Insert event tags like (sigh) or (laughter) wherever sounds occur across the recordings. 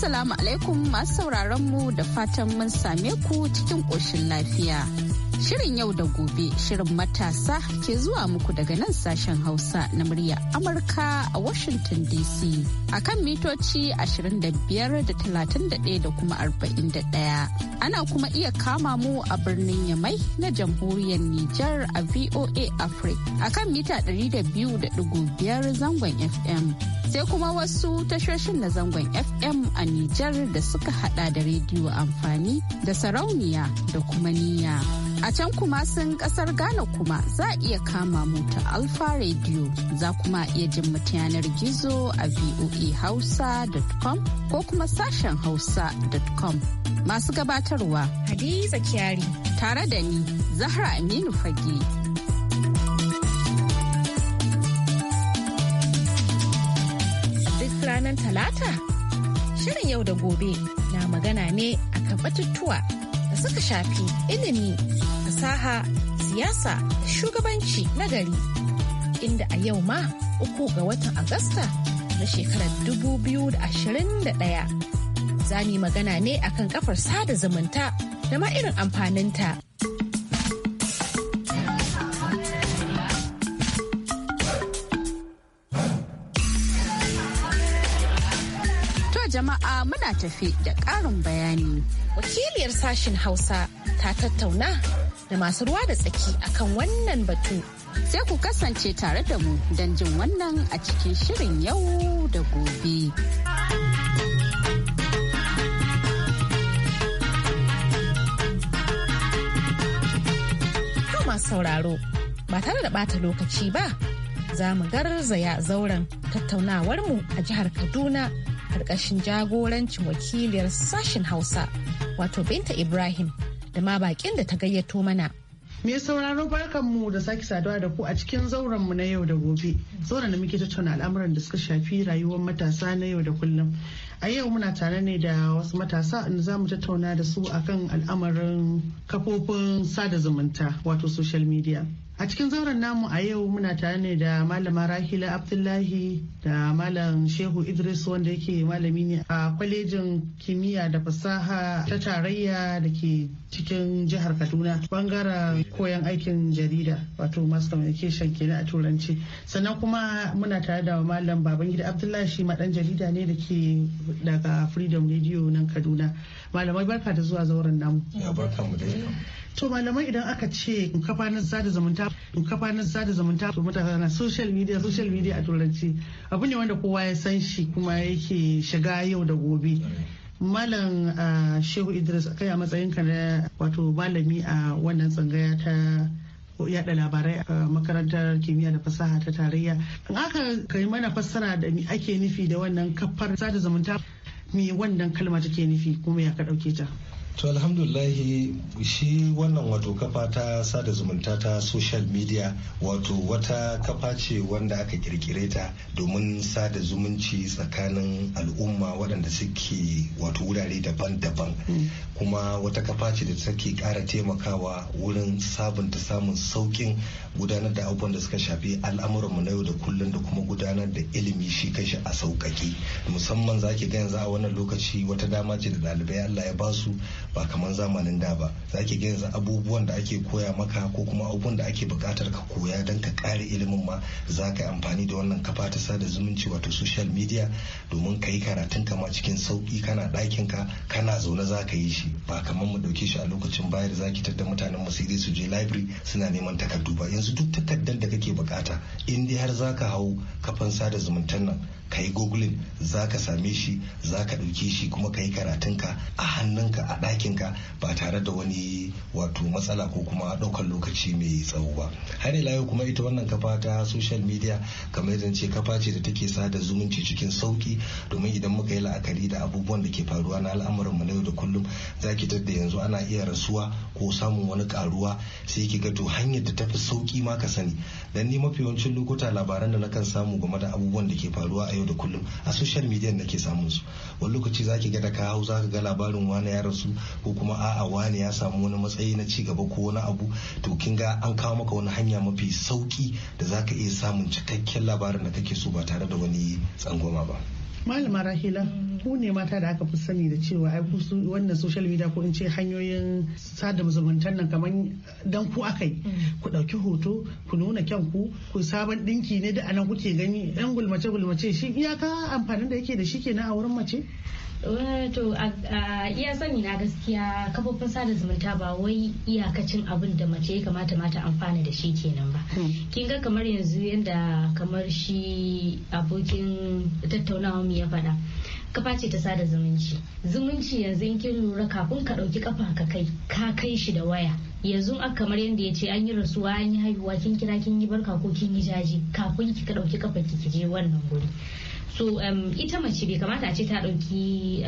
Assalamu alaikum masu sauraron mu da fatan mun same ku cikin ƙoshin lafiya. Shirin yau da gobe shirin matasa ke zuwa muku daga nan sashen Hausa na murya Amurka a Washington DC a kan mitoci 25 da da kuma 41. Ana kuma iya kama mu a birnin Yamai na jamhuriyar Nijar a VOA Africa a kan mita 200.5 zangon FM. Sai kuma wasu tashoshin na zangon FM a Nijar da suka hada da rediyo amfani da sarauniya da kuma niyya. A can kuma sun kasar Ghana kuma za a iya kama mu Alfa Radio za kuma iya jin yanar gizo a voahausa.com ko kuma sashen hausa.com. Masu gabatarwa Hadiza Kyari tare da ni Zahra Aminu Fage. ranar Talata? Shirin yau da gobe na magana ne a kan batutuwa da suka shafi ilimi fasaha siyasa shugabanci na gari inda a yau ma uku ga watan agusta na shekarar 2021 za mu yi magana ne akan kafar sada zumunta da ma irin amfaninta jama'a muna tafi da ƙarin bayani. Wakiliyar sashen Hausa ta tattauna da masu ruwa da tsaki akan wannan batu. Sai ku kasance tare da mu don jin wannan a cikin shirin yau da gobe. masu sauraro ba tare da bata lokaci ba za mu garzaya zauren tattaunawarmu a jihar kaduna karkashin jagorancin wakiliyar sashen hausa wato binta ibrahim da ma bakin da ta gayyato mana. Me sauraro mu da sake saduwa da ku a cikin zauren mu na yau da gobe. Zauren da muke tattauna al'amuran da suka shafi rayuwar matasa na yau da kullum. A yau muna tare ne da wasu matasa inda za mu tattauna da su akan al'amarin kafofin sada zumunta wato social media. A cikin zauren namu a yau muna tare ne da malama Rahila Abdullahi da malam Shehu Idris wanda yake malami ne a kwalejin kimiyya da fasaha ta tarayya da ke cikin jihar Kaduna bangaren koyon aikin jarida wato mass communication kenan a turanci. Sannan kuma muna tare da malam Babangida Abdullahi shi ma jarida ne da ke daga Freedom Radio nan Kaduna. Malamai barka da zuwa zauren namu. to malamai idan aka ce kafanin sada zumunta kafanin sada zumunta to mutane na social media social media a turanci abu ne wanda kowa ya san shi kuma yake shiga yau da gobe malam ah, shehu idris kai a ka na wato malami a wannan tsangaya ta yada labarai a makarantar kimiyya da fasaha ta tarayya in aka kai mana fassara da me ake nufi da wannan kafar sada zumunta me wannan kalma take nufi kuma ya ka dauke ta to alhamdulahi shi wannan wato kafa ta sada zumunta ta social media wato wata kafa ce wanda aka kirkire ta domin sada zumunci tsakanin al'umma waɗanda suke wato wurare daban-daban mm. kuma wata kafa ce da take ƙara taimakawa wurin sabunta samun sauƙin gudanar da abubuwan da suka shafi al'amuranmu na yau da kullum da kuma gudanar da ilimi shi kashi a sauƙaƙe musamman zaki ga yanzu a wannan lokaci wata dama ce da ɗalibai Allah ya basu ba kamar zamanin da ba za ki yanzu abubuwan da ake koya maka ko kuma abubuwan da ake bukatar ka koya don ka ƙare ilimin ma za ka yi amfani da wannan kafa ta sada zumunci wato social media domin ka yi karatun kama cikin sauki kana ɗakin ka kana zaune za ka yi shi ba kamar mu ɗauke shi a lokacin bayar za ki tattar mutanen mu sai su je library suna neman takardu ba yanzu duk takardar da kake bukata in dai har za ka hau kafan sada zumuntan nan ka yi googling za ka same shi za ka ɗauke shi kuma ka yi karatun ka a hannunka a ɗakin hakkinka ba tare da wani wato matsala ko kuma ɗaukar lokaci mai tsawo ba har ila yau kuma ita wannan kafa ta social media kamar yadda ce kafa ce da take da zumunci cikin sauki domin idan muka yi la'akari da abubuwan da ke faruwa na al'amuran mu na yau da kullum zaki tadda yanzu ana iya rasuwa ko samun wani karuwa sai ki ga to hanyar da tafi sauki ma ka sani dan ni mafi yawancin lokuta labaran da nakan samu game da abubuwan da ke faruwa a yau da kullum a social media nake samun su wani lokaci zaki ga da ka hau zaka ga labarin wani ya rasu ko kuma a'a wani ya samu wani matsayi na ci gaba ko wani abu to kin ga an kawo maka wani hanya mafi sauki da zaka iya samun cikakken labarin da kake so ba tare da wani tsangwama ba malama rahila ku ne mata da aka fi sani da cewa ai ku wannan social media ko in ce hanyoyin sada zumuntan nan kamar dan ku akai mm. ku dauki hoto ku nuna kyanku ku ku sabon dinki ne da anan kuke gani yan gulmace gulmace shi iyaka amfanin da yake da shi kenan a wurin mace to a iya sani na gaskiya kafofin sada zumunta ba wai iyakacin abin da mace ya kamata mata amfana da shi kenan ba hmm. kin ga kamar yanzu yadda kamar shi abokin tattaunawa mu ya faɗa kafa ce ta sada zumunci zumunci yanzu in kin lura kafin ka ɗauki kafa ka kai ka kai shi da waya yanzu a kamar yadda ya ce an yi rasuwa an yi haihuwa kin kira kin yi barka ko kin yi jaji kafin ki ka ɗauki kafa ki je wannan guri so um, ita mace bai kamata a ce ta ɗauki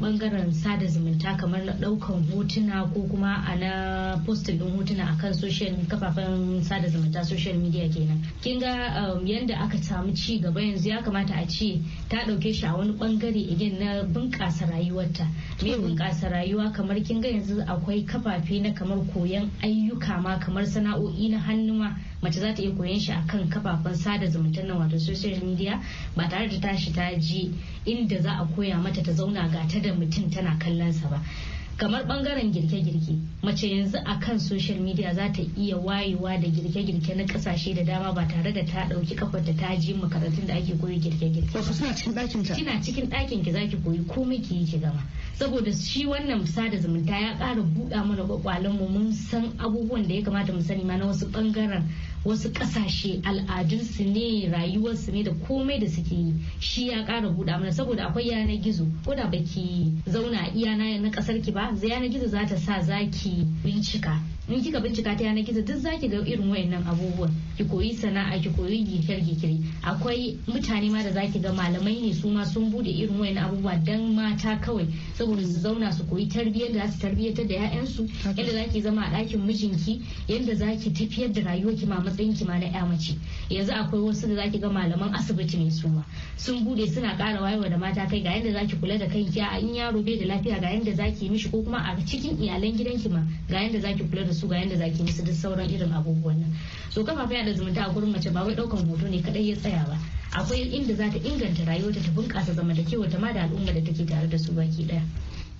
bangaren uh, sada zumunta kamar ɗaukan hotuna ko kuma a na postin ɗin hotuna akan social kafafen sada zumunta social media kenan kin ga um, yanda aka samu ci gaba yanzu ya kamata a ce ta ɗauke shi a wani bangare igin na bunƙasa rayuwarta me hmm. bunƙasa rayuwa kamar kin ga yanzu akwai kafafe na kamar koyan ayyuka ma kamar sana'o'i na hannu ma mace za ta iya koyan shi akan kafafen sada zumunta na wato social media ba tare ta tashi ta je inda za a koya mata ta zauna ga da mutum tana kallon sa ba kamar bangaren girke-girke mace yanzu a kan social media za ta iya wayewa da girke-girke na kasashe da dama ba tare da ta dauki kafar da ta ji makarantun da ake koyi girke-girke wasu suna cikin ɗakin ta kina cikin ɗakin ki zaki koyi komai ki yi ki gama saboda shi wannan sada zumunta ya kara buɗa mana kwakwalen mu mun san abubuwan da ya kamata mu sani ma na wasu bangaren wasu kasashe al'adunsu ne rayuwarsu ne da komai da suke yi shi ya ƙara buɗa mana saboda akwai yanar gizo ko da baki zauna iya na kasar ki ba yanar gizo za ta sa zaki bincika in kika bincika ta yanar gizo duk zaki ga irin wayannan abubuwan ki koyi sana'a ki koyi girke-girke akwai mutane ma da zaki ga malamai ne su ma sun bude irin wayannan abubuwa dan mata kawai saboda su zauna su koyi tarbiyyar da su tarbiyyatar da 'ya'yansu yadda zaki zama a dakin mijinki yadda zaki tafiyar da rayuwar ki ma matsayin ki ma na ƴa mace yanzu akwai wasu da zaki ga malaman asibiti ne su ma sun bude suna ƙara wayewa da mata kai ga yadda zaki kula da kanki a in yaro bai da lafiya ga yadda zaki mishi ko kuma a cikin iyalan gidanki ma ga yadda zaki kula da su ga yadda zaki musu duk sauran irin abubuwan nan so kafafen yada zumunta a gurin mace ba wai daukan hoto ne kadai ya tsaya ba akwai inda za ta inganta rayuwarta ta da kewa ta ma da al'umma da take tare da su baki daya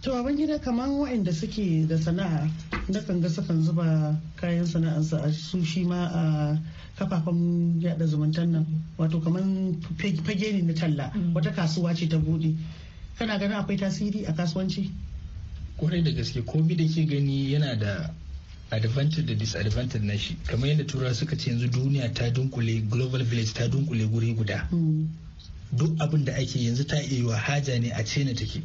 to a gida kamar waɗanda suke da sana'a na kan ga sukan zuba kayan sana'arsa a su shi ma a kafafen yada zumuntan nan wato kamar fage ne na talla mm. wata kasuwa ce ta bude kana ganin akwai tasiri a kasuwanci kwarai da gaske komi da ke gani yana da advantage da disadvantage na shi kamar yadda turawa suka ce yanzu duniya ta dunkule global village ta dunkule guri guda duk abin da ake yanzu ta iya yiwa haja ne a cena take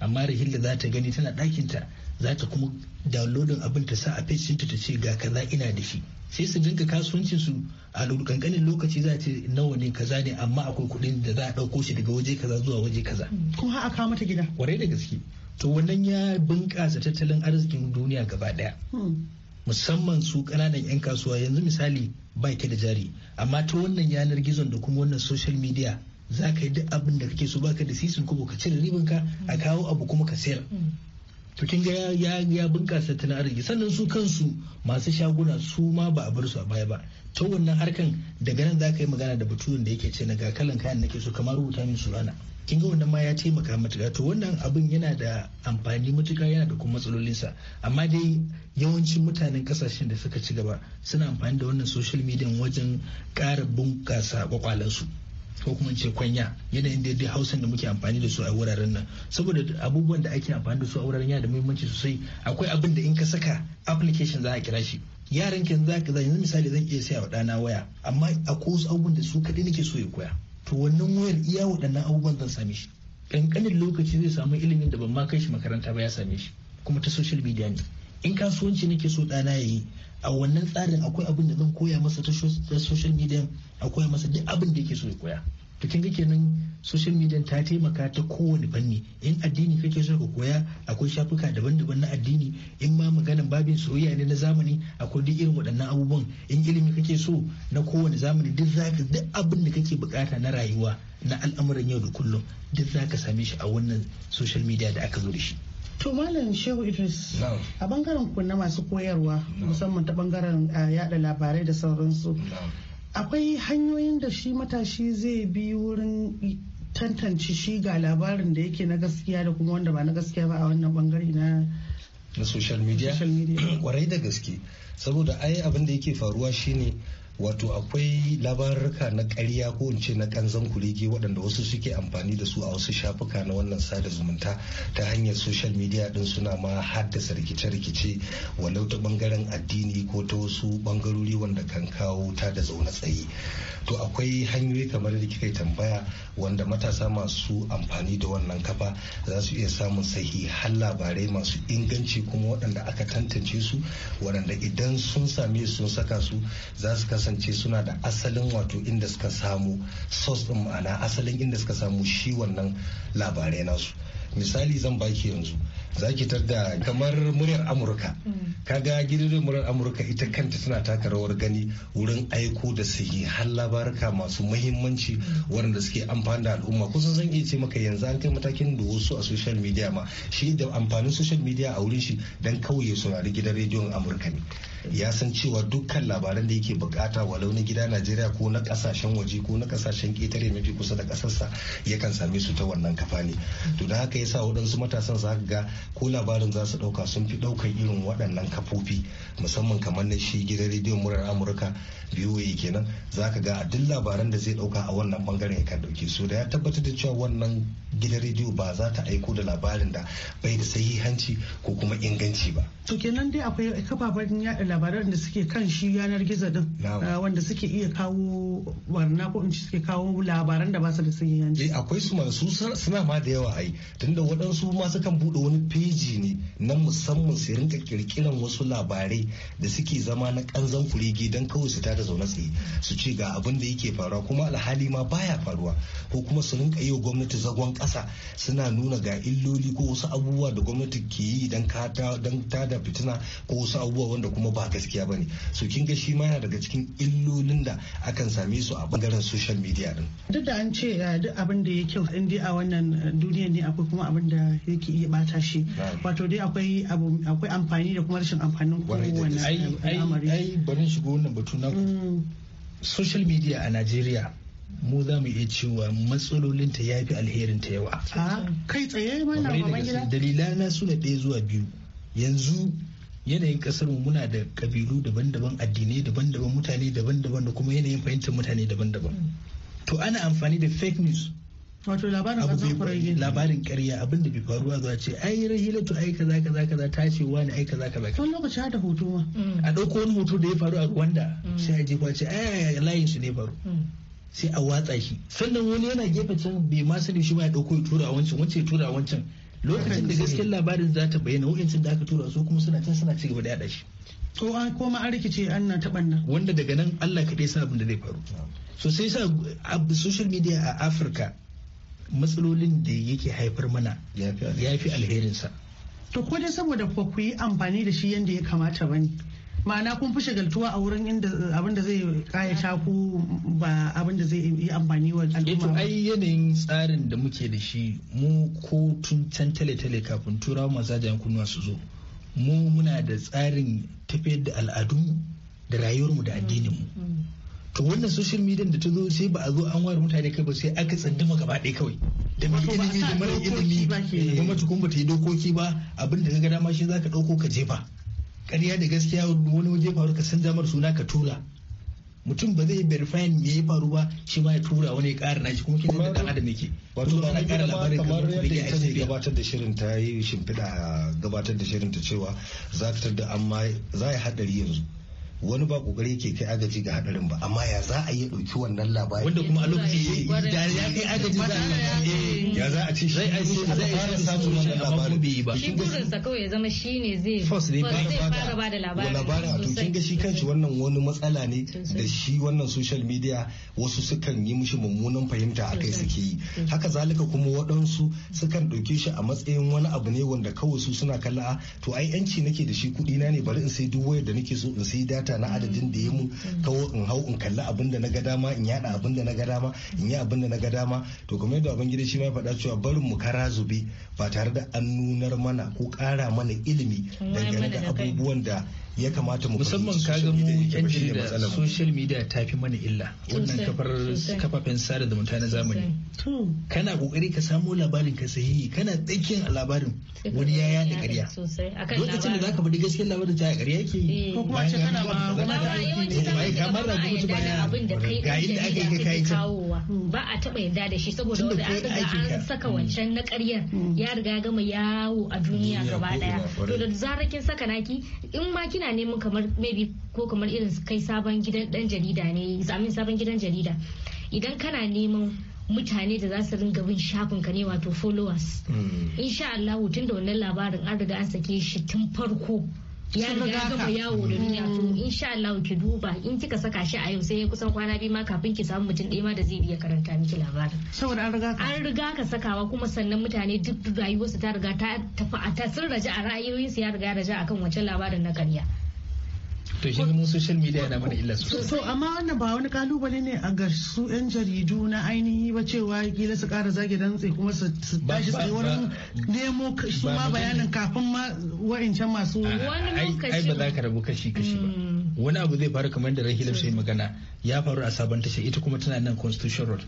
amma rahila za ta gani tana ɗakinta za ta kuma downloadin abin ta sa a fecinta ta ce ga kaza ina da shi sai su dinka kasuwancin su a kankanin lokaci za ce nawa ne kaza ne amma akwai kuɗin da za a ɗauko shi daga waje kaza zuwa waje kaza kuma a kawo mata gida kwarai da gaske to wannan ya bunƙasa tattalin arzikin duniya gaba ɗaya hmm. musamman su kananan 'yan kasuwa yanzu misali ba ke da jari amma ta wannan yanar gizon da kuma wannan social media za ka yi duk abin da kake so baka da sisin kuma ka cire ribinka a kawo abu kuma ka sayar mm. to kin ga ya ya bunkasa tana arziki sannan su kansu masu shaguna su ma ba a bar su a baya ba ta wannan harkan daga nan za ka yi magana da batun da yake ce na ga kalan kayan nake so kamar rubuta min surana kin ga wannan ma ya taimaka matuƙa to wannan abin yana da amfani matuƙa yana da kuma matsalolinsa amma dai yawancin mutanen kasashen da suka ci gaba suna amfani da wannan social media wajen ƙara bunƙasa kwakwalansu ko kuma ce kwanya yanayin daidai hausan da muke amfani da su a wuraren nan saboda abubuwan da ake amfani da su a wuraren yana da muhimmanci sosai akwai abin da in ka saka application za a kira shi yaran kin za ka yanzu misali zan iya saya wa ɗana waya amma akwai wasu abubuwan da su kaɗai nake so ya koya to wannan wayar iya waɗannan abubuwan zan same shi ƙanƙanin lokaci zai samu ilimin da ban ma kai shi makaranta ba ya same shi kuma ta social media ne in kasuwanci nake so ɗana ya yi a wannan tsarin akwai abin da zan koya masa ta social media akwai masa duk abin da yake so ya koya to kin ga kenan social media ta taimaka ta kowane fanni in addini kake so ka koya akwai shafuka daban-daban na addini in ma maganan babin soyayya ne na zamani akwai duk irin waɗannan abubuwan in ilimi kake so na kowane zamani duk zaka duk abin da kake bukata na rayuwa na al'amuran yau da kullum duk zaka same shi a wannan social media da aka zo da shi To Malam Shehu Idris, a bangaren ku masu koyarwa musamman ta bangaren eh, yada labarai da sauransu. akwai hanyoyin da shi matashi zai bi wurin tantance shi ga labarin da yake na gaskiya da kuma wanda ba na gaskiya ba a wannan bangare na social media (clears throat) kwarai da gaske saboda ai abin da yake faruwa shine wato akwai labarurruka na ƙarya ko in ce na kanzan kurege waɗanda wasu suke amfani da su a wasu shafuka na wannan sada zumunta ta hanyar social media din suna ma haddasa rikice-rikice walau ta bangaren addini ko ta wasu bangarori wanda kan kawo ta da zaune tsaye to akwai hanyoyi kamar da kika tambaya wanda matasa masu amfani da wannan kafa za su iya samun sahihan labarai masu inganci kuma waɗanda aka tantance su waɗanda idan sun same sun saka su za su kasance suna da asalin wato inda suka samu source din ma'ana asalin inda suka samu shi wannan labarai nasu misali zan baki yanzu za ki da kamar muryar amurka mm. kaga gidan muryar amurka ita kanta tana taka rawar gani wurin aiko da sahihan labaruka masu muhimmanci. waɗanda suke amfani da al'umma kusan zan iya ce maka yanzu an kai matakin da wasu a social media ma shi da amfanin social media a wurin shi dan kauye saurari gidan rediyon amurka ne ya san cewa dukkan labaran da yake bukata wa na gida najeriya ko na kasashen waje ko na kasashen ketare mafi kusa da kasarsa yakan same su ta wannan kafa ne to da haka sa waɗansu matasan za ga ko labarin za su ɗauka sun fi ɗaukar irin waɗannan kafofi musamman kamar na shi gidan rediyon murar amurka biyoyi kenan za ka ga duk labaran da zai ɗauka a wannan bangaren ya kan ɗauke su da ya tabbatar da cewa wannan gidan rediyo ba za ta aiko da labarin da bai da sahihanci ko kuma inganci ba. to kenan dai akwai kafafen yada labaran da suke kan shi yanar gizo din ah, wanda suke iya kawo barna ko in ci suke kawo labaran da ba su da sahihanci. Eh, akwai su masu suna ma da yawa ai tunda waɗansu ma sukan buɗe wani feji ne na musamman su rinka kirkiran wasu labarai da suke zama na kanzan kurege don kawai su tada zaune tsaye su ce ga abin da yake faruwa kuma alhali ma baya faruwa ko kuma su rinka yi wa gwamnati zagon kasa suna nuna ga illoli ko wasu abubuwa da gwamnati ke yi don tada fitina ko wasu abubuwa wanda kuma ba gaskiya ne su kin ga shi ma yana daga cikin illolin da akan same su a bangaren social media din duk da an ce eh, duk abin da ya kyau in dai a wannan eh, duniya ne akwai kuma abin da yake iya bata shi wato dai akwai abu akwai amfani da kuma rashin amfanin kowane al'amari ai barin shigo wannan batu na mm. social media a Najeriya mu za mu iya cewa matsalolinta ya fi alherinta yawa. kai tsaye mana baban gida? su suna ɗaya zuwa biyu. Yanzu yanayin kasar mu muna da kabilu daban-daban addinai daban-daban mutane daban-daban da kuma yanayin fahimtar mutane daban-daban. Mm. To ana amfani da fake news wato labarin kasan kurege labarin karya abin da bai faruwa za ce ai rahilatu ai kaza kaza kaza ta ce wani ai kaza kaza wani lokaci da hoto ma mm. a ɗauko wani hoto da ya faru a Rwanda mm. sai a je ce ai layin su ne faru mm. sai a watsa shi sannan wani yana gefe can bai ma sani shi ba ya ɗauko ya tura wancan wancan ya tura wancan lokacin da gaskiyar labarin za ta bayyana wa'ancin da aka tura su kuma suna can suna cigaba da yada shi to an koma an rikice an na taɓa nan wanda daga nan Allah kaɗai sa abin da zai faru so sai sa social media a Afirka matsalolin da yake haifar mana ya fi alherinsa to ko dai saboda ba ku yi amfani da shi yadda ya kamata ba ne ma'ana kun fi shagaltuwa a wurin inda abin da zai kayata ku ba abin da zai yi amfani wa al'umma ba. Eh ai yanayin tsarin da muke da shi mu ko tun can tale-tale kafin turawa da kunnuwa su zo mu muna da tsarin tafiyar da al'adunmu da rayuwarmu da addininmu mm, mm. to wannan social media da ta zo sai ba a zo an ware mutane kai ba sai aka tsandama gaba ɗaya kawai da mai ilimi da mara ilimi gwamnati kuma ta yi dokoki ba abin da ka ga dama shi zaka ɗauko ka jefa ƙarya da gaskiya wani waje faru ka san damar suna ka tura mutum ba zai verify me ya faru ba shi ma ya tura wani ya ƙara nashi kuma kina da adam yake wato ana ƙara labarin kamar yadda ita ne gabatar da shirin ta yi shimfiɗa gabatar da shirin ta cewa za ta amma za a yi haɗari yanzu wani ba kokari yake kai agaji ga hadarin ba amma ya za a yi dauki wannan labari wanda kuma a lokaci ya kai agaji za a eh, ya za a ci shi zai fara sato wannan labarin bai ba shi burin sa kawai ya zama shi ne zai first ne fara ba da labarin labarin to kin ga shi kanshi wannan wani matsala ne da shi wannan social media wasu sukan yi mishi mummunan fahimta akai suke yi haka zalika kuma waɗansu sukan ɗauke shi a matsayin wani abu ne wanda kawai su suna kalla ah, to ai yanci nake da shi kuɗi na ne bari in sai duk wayar da nake so in sai data bukata na adadin da ya mu kawo in hau in kalli abin da na ga dama in yada abin da na ga dama in yi abin da na ga dama to kamar yadda abin gida shi ma faɗa cewa barin mu kara zube ba tare da an nunar mana ko kara mana ilimi dangane da abubuwan da ya kamata mu musamman kaga mu yan jarida social media ta fi mana illa wannan kafar kafafen sada zumunta na zamani kana kokari ka samo labarin ka sahihi kana tsakiyan labarin wani yaya da ƙarya lokacin da zaka faɗi gaskiyar labarin ta ƙarya yake eh. ko kuma ce kana ma gwamnati ka mara gwamnati baya ga inda aka yi kai kawowa hmm. ba a taba yarda da shi saboda wanda an riga an saka hmm. wancan na ƙarya hmm. ya riga gama yawo a duniya gaba daya to da zarar kin saka naki in ma kin ina neman kamar maybe ko kamar irin kai sabon gidan dan jarida ne zamin sabon gidan jarida idan kana neman mutane da za su ringa bin shafin ka ne wato followers hmm. insha Allah tun da wannan labarin an riga an sake shi tun farko ya riga ya gama yawo da duniya to mm. insha Allah ki duba in kika saka shi a yau sai ya kusan kwana biyu ma kafin ki samu mutum ɗaya ma da zai iya karanta miki labarin saboda an riga ka an riga ka sakawa kuma sannan mutane duk rayuwarsu ta riga ta tafi a ta sun raja a ra'ayoyinsu ya riga raja akan wancan labarin na ƙarya to shi social media na mana illa sosai to amma wannan ba wani kalubale ne a ga su yan jaridu na ainihi ba cewa kila su kara zage dantse kuma su tashi tsaye wani nemo su ma bayanin kafin ma wa'ancan masu ai ba za ka rabu kashi kashi ba mm. wani abu zai faru kamar da rahila shi magana ya faru a sabon tasha ita kuma tana nan constitution road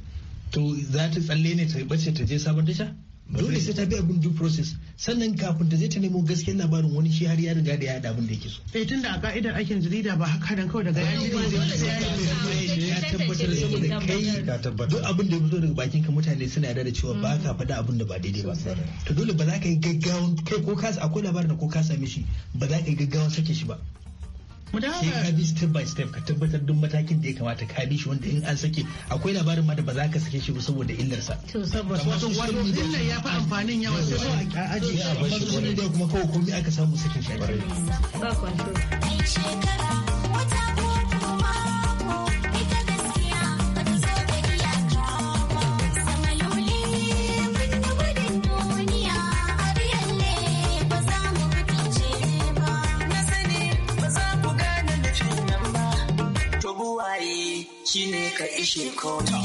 to za ta tsalle ne ta bace ta je sabon tasha dole sai ta bi abin due process sannan kafin ta zai ta nemo gaskiyar labarin wani shi har ya riga da ya da abin da yake so eh, tunda a ka'idar aikin jarida ba haka dan kawai daga ya ji ya tabbatar saboda kai duk abin da ya fito daga bakin ka mutane suna yarda da cewa ba ka faɗa abin da ba daidai ba to dole ba za ka yi gaggawan kai ko ka akwai labarin da ko ka same shi ba za ka yi gaggawan sake shi ba sai ka bi step by step ka tabbatar duk matakin da ya kamata ka bi shi wanda in an sake akwai labarin ma da ba za ka sake shi ba saboda illarsa to saboda wato wato illar ya fi amfanin yawa sai a ajiye a bashi kuma kawai komai aka samu sakin shi ba kwanto. ka ishe kota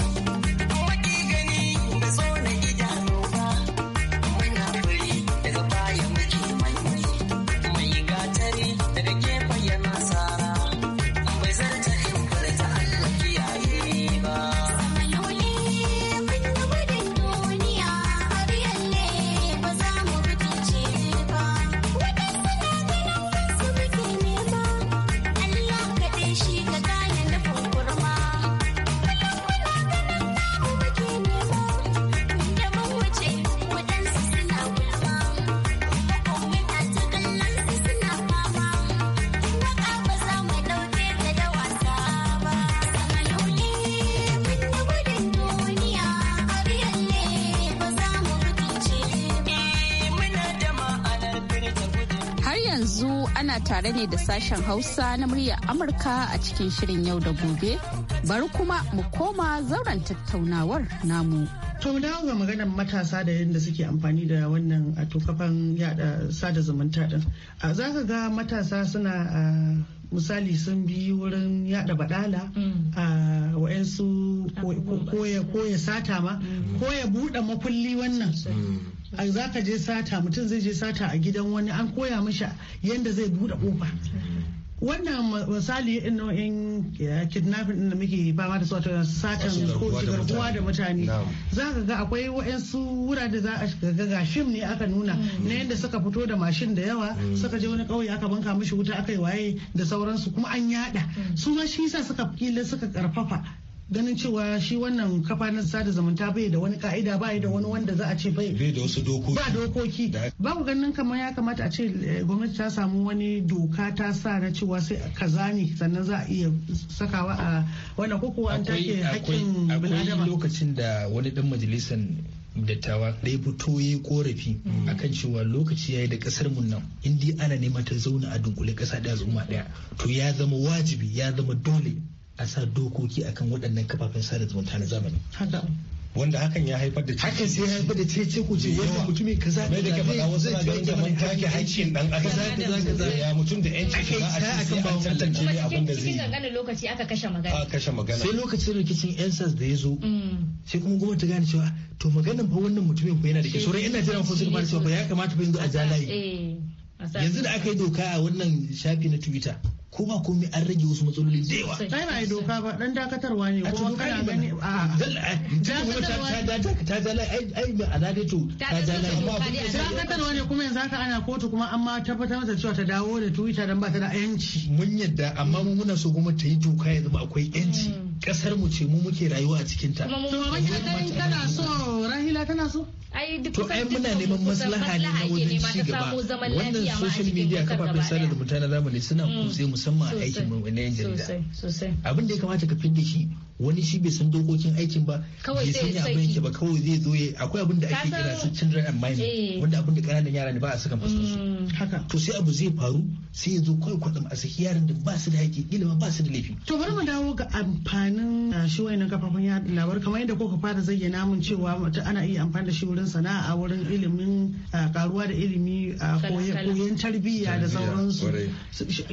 tare ne da sashen Hausa na murya Amurka a cikin shirin yau da gobe. Bari kuma mu koma zauren tattaunawar namu. To dawo ga maganar matasa da yadda suke amfani da wannan a kafan yada sada zumunta din. Za ka ga matasa suna misali sun bi wurin yada badala mm. a wa'ansu ko sata ma mm. ko ya buɗe mafulli wannan. a za ka je sata mutum zai je sata a gidan wani an koya mashi yadda zai buɗe ƙofa wannan misali in eh, kidnapping da muke fama da sauta satan ko kowa da mutane za ka ga akwai waɗansu da za a shiga ga shim ne aka nuna mm. na yadda suka fito da mashin da yawa mm. suka je wani ƙauye aka banka mashi wuta aka yi waye da sauransu kuma an yada mm. su ma shi sa suka kila suka karfafa ganin cewa shi wannan kafa sada zumunta bai da wani ka'ida bai da wani wanda za a ce bai da dokoki ba dokoki ba ku ganin kamar ya kamata a ce eh, gwamnati ta samu wani doka ta sa na cewa sai kaza ne sannan za a iya sakawa a wannan ko kuwa an take hakkin bil'adama akwai lokacin da wani dan majalisan dattawa da ya fito ya yi korafi mm. akan cewa lokaci ya yi da kasar mun nan in ana neman ta zauna a dunkule kasa da zuma daya to ya zama wajibi ya zama dole a sa dokoki akan waɗannan kafafen sada zumunta na zamani wanda hakan ya haifar da hakan sai ya haifar da cece ku ce wanda mutumin kaza da da kafa wasu na ganin kamar take haƙƙin dan adam kaza kaza ya mutum da yanci kaza a cikin an tantance ne abin da zai cikin lokaci aka kashe magana aka kashe magana sai lokacin rikicin ensas da ya zo mm. sai kuma gwamnati gane cewa ah, to maganan fa wannan mutumin fa yana da ke sauran ina jiran fa su ba cewa ba ya kamata ba yanzu a jalaye eh. yanzu da aka yi doka a wannan shafi na twitter ko ba komai an rage wasu matsaloli da yawa sai ba doka ba dan dakatarwa ne ko kana gani a ta ta ai ai alade to ta ta dakatarwa ne kuma yanzu haka ana kotu kuma an ma tabbatar mata cewa ta dawo da twitter dan ba ta da yanci mun yadda amma mun muna so kuma ta yi doka yanzu ba akwai yanci mm. kasar mu ce mu muke rayuwa a cikin ta. To tana so Rahila tana so? To ai muna neman maslaha ne na wajen ci gaba. Wannan social media kafafen sada zumunta na zamani suna mm. kutse musamman a aikin mu na yan jarida. Abin da ya kamata ka fidda shi wani shi bai san dokokin aikin ba bai ya abin yake ba kawai zai zo akwai abin da ake kira su children and mind eh. wanda abin da kananan yara ne ba a saka masu su mm. haka to sai abu zai faru sai ya zo kawai kwaɗam a saki yaran da ba su da haƙi ilimi ba su da laifi to bari mu dawo ga amfanin ah, shi wayannan kafafen yaɗa labar kamar yadda kuka fara zayyana mun cewa ana iya amfani da shi wurin sana'a wurin ilimin karuwa ah, da ilimi ah, koyon tarbiyya da sauransu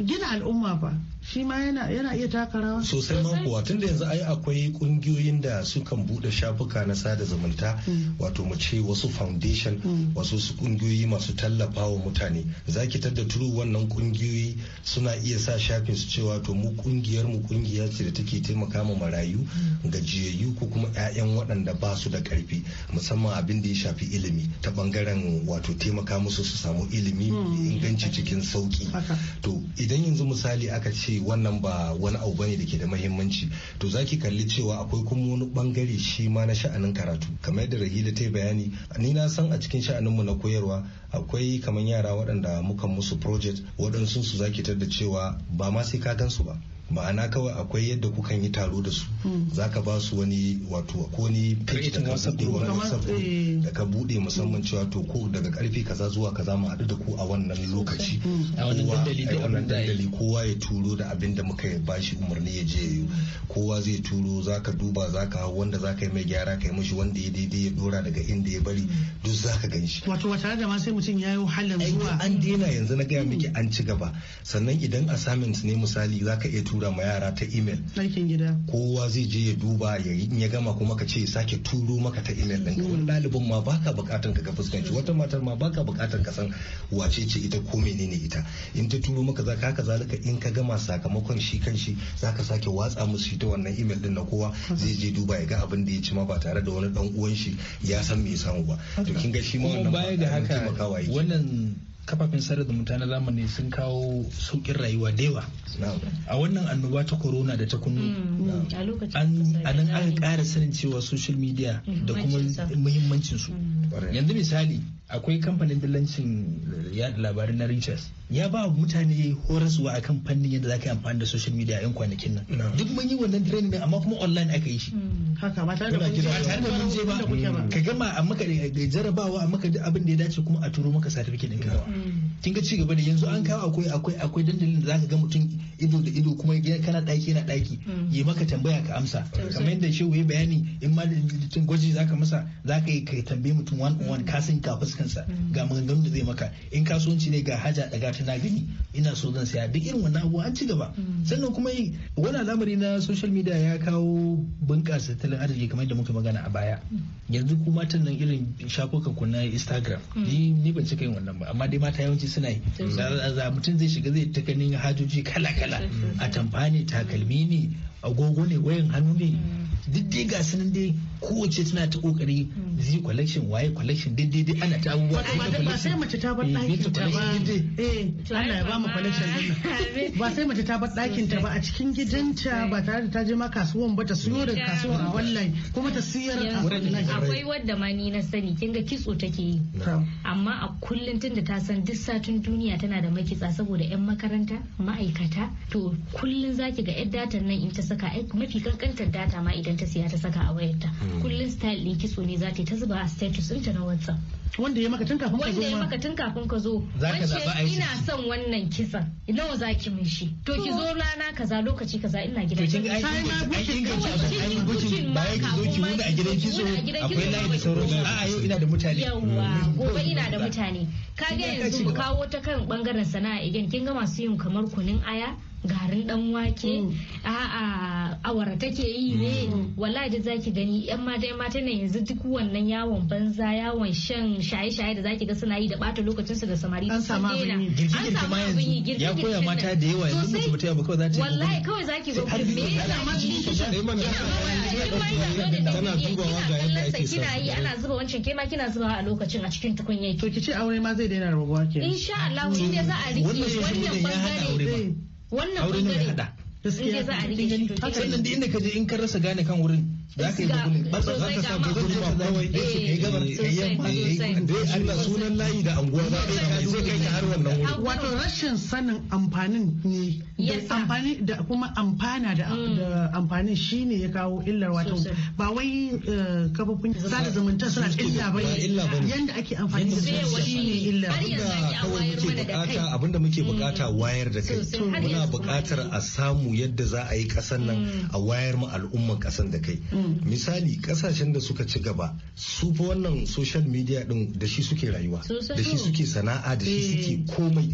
gina al'umma fa shi ma yana iya taka rawa sosai ma kuwa tunda yanzu ai akwai kungiyoyin da sukan bude shafuka na sada zumunta mm. wato mu ce wasu foundation mm. wasu su kungiyoyi masu tallafa wa mutane zaki tadda turu wannan kungiyoyi suna iya sa shafin su cewa to mu kungiyar mu kungiya ce da take taimaka ma marayu mm. gajiyayyu ko kuma ƴaƴan waɗanda ba su da karfi musamman abin da ya shafi ilimi ta bangaren wato taimaka musu su samu ilimi inganci cikin sauki to idan yanzu misali aka ce wannan ba wani abu bane da ke da muhimmanci to zaki kalli cewa akwai kuma wani bangare shi ma na sha'anin karatu kamar yadda rahila ta yi bayani ni na san a cikin sha'aninmu na koyarwa akwai kamar yara waɗanda muka musu project waɗansu su zaki da cewa ba ma sai ka gan su ba ma'ana kawai akwai yadda kukan yi taro da su hmm. za ka ba su wani wato ko ni eh. da ka bude musamman cewa to ko daga karfe kaza zuwa kaza mu haɗu da ku a wannan lokaci hmm. a wannan dandali kowa ya turo da abin da muka shi umarni ya je kowa zai turo ka duba za ka hau wanda ka yi mai gyara ka kai mishi wanda ya daidai ya dora daga inda ya bari duk ka gan shi wato tare da ma mutum ya yi wahalar zuwa an daina yanzu na gaya miki an ci gaba sannan idan assignment ne misali zaka iya tura ma yara ta email aikin gida kowa zai je ya duba ya ya gama kuma ka ce sake turo maka ta email din wani hmm. ɗalibin ma baka bukatan ka fuskanci wata matar ma baka bukatan ka san wace ce ita ko menene ita in ta turo maka ka haka zalika in ka gama sakamakon shi kan shi zaka sake watsa musu shi ta wannan email din na kowa zai je duba ya ga abin da ya ci ma ba tare da wani dan uwan shi ya san me ya samu ba to kin ga shi ma wannan ba da haka kawai wannan kafafen sada zumunta na zamani sun kawo saukin rayuwa da yawa a wannan annoba ta corona da ta kunu. Mm, mm, a nan aka kara sanin cewa social media da kuma muhimmancin su mm. yanzu misali akwai kamfanin dillancin yada labarai na Richards ya ba mutane horaswa a kan fannin yadda za ka yi amfani da social media yan kwanakin nan duk mun yi wannan training amma kuma online aka yi shi haka ba tare da ba tare ka gama maka da eh, jarabawa maka abin da ya dace kuma a turo maka certificate din ka mm. kin ga cigaba da yanzu an kawo akwai akwai akwai dandalin da zaka ga mutum ido da ido kuma kana daki yana daki mm. yi maka tambaya ka amsa kamar yadda shehu ya bayani in ma tun gwaji zaka masa zaka yi kai tambaye mutum one on one mm. ka san ka fuskansa mm. ga maganganun da zai maka in kasuwanci ne ga haja daga na gani ina so zan saya duk irin wannan abu an ci gaba sannan kuma wani al'amari na social media ya kawo bunƙasa tattalin arziki kamar yadda muka magana a baya yanzu kuma matan irin shafukan ku na Instagram ni ban cika yin wannan ba amma dai mata yawanci kiristoci suna yi za mutum zai shiga zai ta ganin hajoji kala kala a tamfani takalmi ne agogo ne wayan hannu ne mm. duk dai ga sunan dai kowace tana ta kokari hmm. zi collection waye collection dai dai ana ta abubuwa wato ba sai mace ta bar dakin eh, ta ba eh Allah ya ba mu collection (laughs) ba sai mace ta bar ɗakin ta ba a cikin gidanta ba tare da ta je ma kasuwan ba ta siyo da kasuwan a kuma ta siyar a akwai wadda ma ni na sani kin ga kitso take yi amma a kullun tunda ta san duk satin duniya tana da makitsa saboda yan makaranta ma'aikata to kullun zaki ga yar datan nan in ta saka mafi kankantar data ma idan ta siya ta saka a wayarta hmm. kullum style din kitso ne za ta ta zuba a status ɗinta na WhatsApp wanda ya maka tun kafin ka zo wanda ya maka tun kafin ka zo wace ina son wannan kisan nawa zaki min shi to ki zo rana kaza lokaci kaza ina gidan ki sai na bukin ka ai bukin ba ya zo ki wanda a gidan kitso akwai layi da sauro a yau ina da mutane yawa hmm. gobe ina da mutane ka ga yanzu mu kawo ta kan bangaren sana'a idan kin ga masu yin kamar kunun aya garin dan wake mm. a awara take yi ne mm. wallahi da zaki gani yan mata yan mata ne yanzu duk wannan yawon banza yawon shan shaye-shaye da zaki ga suna yi da bata lokacin su da samari an samu abin yi girki ya koya mata da yawa yanzu mutum mutum yabo kawai zaki wallahi kawai zaki zo me yana ma tana dubawa ga yadda ake kina yi ana zuba wancin ke ma kina zuba a lokacin a cikin tukunya to kici aure ma zai daina rabuwa ke insha Allah ne za a rike wannan bangare wannan bangare in za a rike shi to haka inda ka je in ka rasa gane kan wurin za ka yi gugulin ba za ka sa gugulin ba kawai ya eh, ce kai gabar kai yamma dai Allah sunan layi da anguwa za ka yi zai kai ka har wannan wuri wato rashin sanin amfanin ne amfani da kuma amfana da mm. amfanin shine ya kawo illar wato ba wai eh, kafofin sada zumunta suna illa ba yanda ake amfani da su shine illa abinda kawai muke bukata abinda muke mm. bukata wayar da kai muna bukatar a samu yadda za a yi kasan nan mm. a wayar mu al'umman kasan da kai Mm. misali kasashen da suka ci gaba su fa wannan social media din da shi suke rayuwa da shi suke sana'a da shi eh. suke komai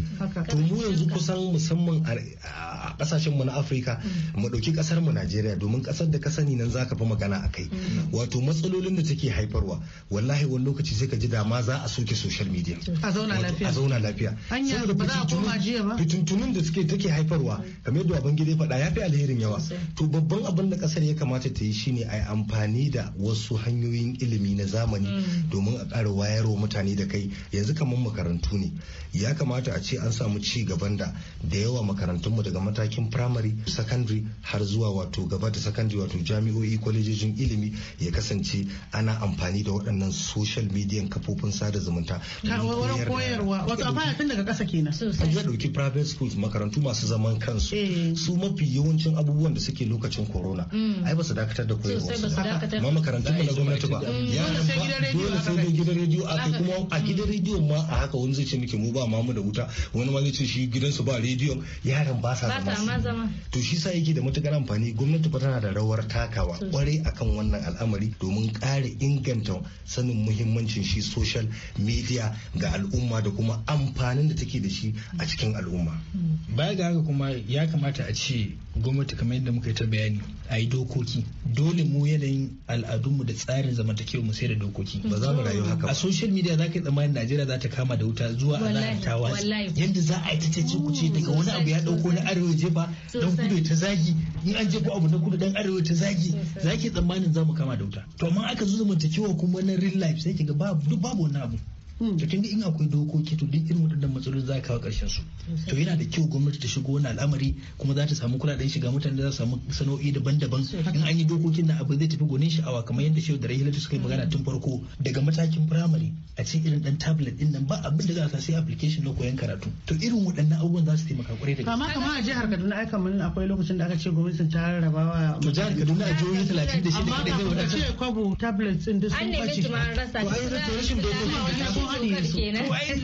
to mu yanzu kusan musamman a kasashen mu na Afirka mm. mu dauki kasar mu Najeriya domin kasar da ka sani nan zaka fi magana akai mm. wato matsalolin da take haifarwa wallahi wani lokaci sai ka ji dama za a soke social media a zauna lafiya a zauna lafiya saboda ba koma jiya ba da suke take haifarwa kamar yadda abin gida faɗa ya fi alherin yawa to babban abin da kasar ya kamata ta yi shine a yi amfani da wasu hanyoyin ilimi na zamani mm. domin a ƙara wayarwa mutane da kai yanzu kamar makarantu ne ya kamata a ce an samu ci gaban da da yawa makarantunmu daga matakin primary secondary har zuwa wato gaba da secondary wato jami'o'i kwalejojin ilimi ya kasance ana amfani da waɗannan social media kafofin sada zumunta koyarwa makarantu masu zaman kansu eh. su mafi yawancin abubuwan da suke lokacin corona mm. ai ba su dakatar da koyarwa sosai ba su ma makarantun mu na gwamnati ba yara ba dole sai dai gidan rediyo a kai kuma a gidan rediyo ma a haka wani zai ce muke mu ba mamu da wuta wani ma zai ce shi gidansu ba rediyon yaran ba sa zama to shi sa yake da matukar amfani gwamnati fa tana da rawar takawa kwarai akan wannan al'amari domin kare inganta sanin muhimmancin shi social media ga al'umma da kuma amfanin da take da shi a cikin al'umma mm. baya ga haka kuma ya kamata a ce gwamnati kamar yadda muka yi ta bayani a yi dokoki dole mu yanayin al'adunmu da tsarin zamantakewa mu sai da dokoki ba za mu rayu haka a social media za ka yi tsammanin Najeriya za ta kama da wuta zuwa a yadda za a yi ta ce kuce daga wani abu ya dauko na arewa je ba dan kudu ta zagi in an je ko abu na kudu dan arewa ta zagi za ki tsammanin za mu kama da wuta to amma aka zo zamantakewa kuma na real life sai ki ga babu babu wani abu Hmm. to kin in akwai dokoki to duk irin waɗannan matsaloli za ka kawo ƙarshen su to yana da kyau gwamnati ta shigo wani al'amari kuma za ta samu kuɗaɗen shiga mutane za su samu sana'o'i daban-daban in an yi dokokin nan abu zai tafi gonin sha'awa kamar yadda shehu da rahilatu suka yi magana tun farko daga matakin firamare a cikin irin dan tablet din nan ba abin da za ka sai application na koyon karatu to irin waɗannan abubuwan za su taimaka kwarai da gaske kama kama a jihar Kaduna ai kamar akwai lokacin da aka ce gwamnatin ta rabawa to jihar Kaduna a jihohi 36 da kai da ce kwabo tablet din da sun bace to ai rashin dokokin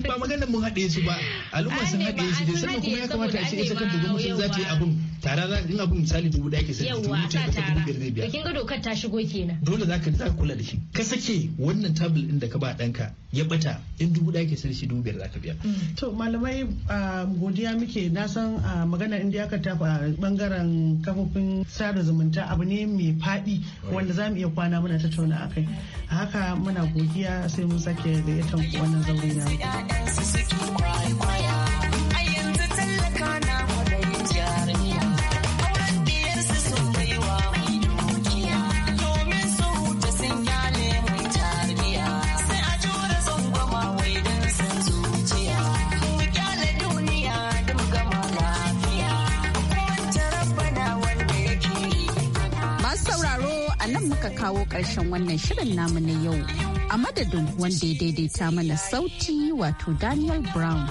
ba magana mun haɗe su ba al'umma sun haɗe su sannan kuma ya kamata a ce ita kanta gwamnati za ta yi abun tara za ina bin misali dubu ɗaya ke sai yawa ta tara to kin ga dokar ta shigo kenan dole za ka kula da shi ka sake wannan tablet ɗin da ka ba ɗanka ya bata in dubu ɗaya ke sai shi dubu biyar za ka biya mm. to malamai um, godiya muke na san uh, magana inda aka a bangaren kafofin sada zumunta abu ne mai faɗi wanda za mu iya kwana muna tattauna a kai haka muna godiya sai mun sake da ita wannan zaure na. kawo ƙarshen wannan shirin namu na yau. A madadin wanda ya daidaita mana sauti wato Daniel Brown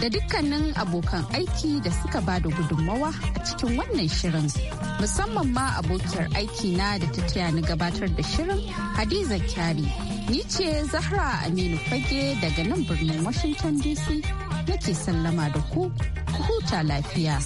da dukkanin abokan aiki da suka ba da gudunmawa a cikin wannan shirin. Musamman ma abokiyar aiki na da ta taya ni gabatar da shirin Hadiza Kyari. Ni ce Zahra Aminu Fage daga nan birnin Washington DC nake sallama da ku, ku huta lafiya.